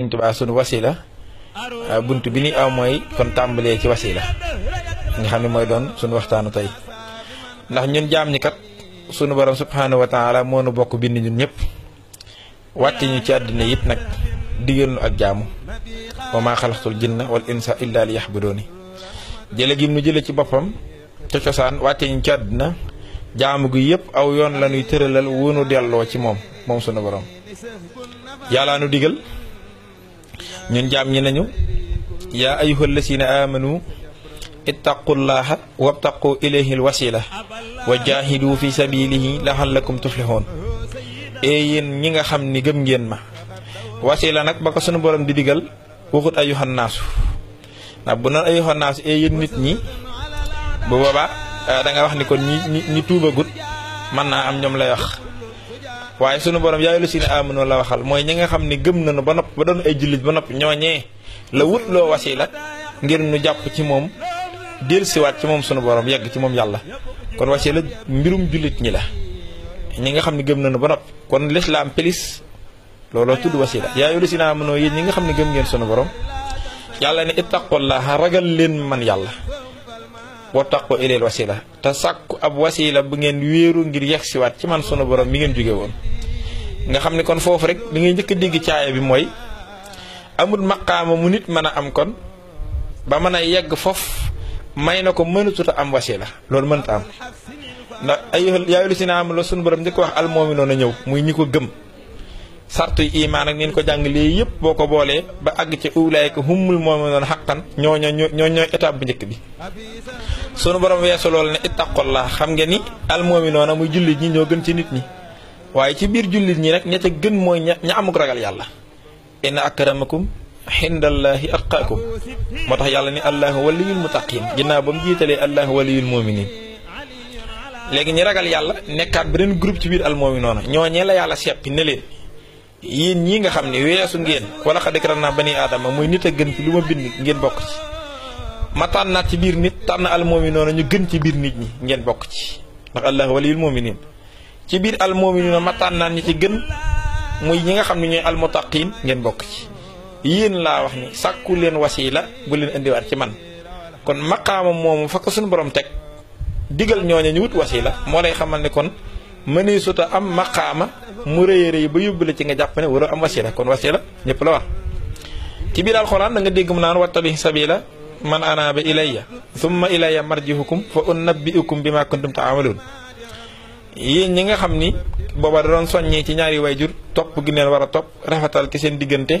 Ah, buntu ba sunu wasila buntu bi ni aw moy kon tambale ci wasila nga xamni moy don sunu waxtanu tay ndax ñun jam ni kat sunu borom subhanahu wa taala mo nu bokk bind ñun ñep wàcc ñu ci aduna yit nak digal nu ak jaamu wa ma khalaqtul jinna wal insa illa liyahbuduni jele gi mu jele ci bopam ci ciosan wàcce ñu ci aduna jaamu gu yep aw yoon la ñuy tëralal wunu ci mom mom sunu borom yalla nu digal ñun jaam ñi nañu yaa ayyuhal lazina amanu ittaqullaha wabtaqu ilayhil wasila wa jaahidu fi sabilihi laxallakum tuflihun ee yéen ñi nga xam ni gëm ngeen ma wasila nag ba ko sunu borom di diggal waxut ayyuhan naasu ndax bu noon ay naasu ee nit ñi bu boobaa ah, danga wax ni kon ñi ñi tuubagut mën naa am ñoom lay wax waye sunu borom yaayu la si ne amanu la waxal moy ñi nga xam ne gëm nañu ba nop ba doon ay julit ba nop ñoñe la wut lo wasila ngir ñu japp ci mom del wat ci mom sunu borom yegg ci mom yalla kon wasila mbirum julit ñi la ñi nga xam ne gëm nañu ba nop kon l'islam plus lolo tuddu wasila yaayu la si ne amanu yéen ñi nga xam ne ngeen sunu borom yalla ne ittaqullaha ragal leen man yalla wa taqwa ilal wasila tasakku ab wasila bu ngeen wëru ngir yegsiwaat ci man sunu borom mi ngeen nga xamni kon fofu rek li ngay njëkk dig dégg bi moy amul maqama mu nit mëna am kon ba mëna yegg fofu may nako ko am wasila loolu ta am ndax ayyuhal yaa ayyuhallazina am lo sun borom diko wax na ñew muy ñiko gëm sartu iman ak nin ko jang li yépp boko bolé ba ag ci ulaayka humul mu'minu haqqan ñoo ñoo ñoo étape bu ñëk bi sunu borom weesu loolu ne ittaqullah xam nga ni na muy julli ñi ñoo gën ci nit ñi waaye ci biir jullit ñi rek ñett ca gën mooy ña ña amuk ragal yàlla inna akramakum xindallaahi atqaakum moo tax yàlla ni allahu waliyul mutaqin ginnaaw ba mu jiitalee allahu waliyul muminin léegi ñi ragal yàlla nekkaat beneen groupe ci biir almuminoona ñooñee la yàlla seppi ne leen yéen ñii nga xam ne weesu ngeen wala xad karramnaa bani aadama muy nit a gën ci lu ma bind ngeen bokk ci ma tànnaat ci biir nit tànn almuminoona ñu gën ci biir nit ñi ngeen bokk ci ndax allahu waliyul muminin ci al almuminuna mataan naan ñi ci gën muy ñi nga xamni ñoy al mutaqin ngeen bok ci yeen la wax ni sakku len wasila bu andi war ci man kon maqaama mom fa ko sun borom tek digal ñoña ñu wut wasila mo lay xamal ni kon suta am maqama mu reey reey ba yóbbu ci nga japp ne am wasila kon wasila ñëpp la wax ci al qur'an da nga deg mu naan wattabi sabila man anaaba ilayya thumma ilayya marjihukum fa unabbiukum bima kuntum taamaluun yéen ñi nga xam ni booba da doon soññee ci ñaari wayjur topp gi neen war a topp rafetal ki seen diggante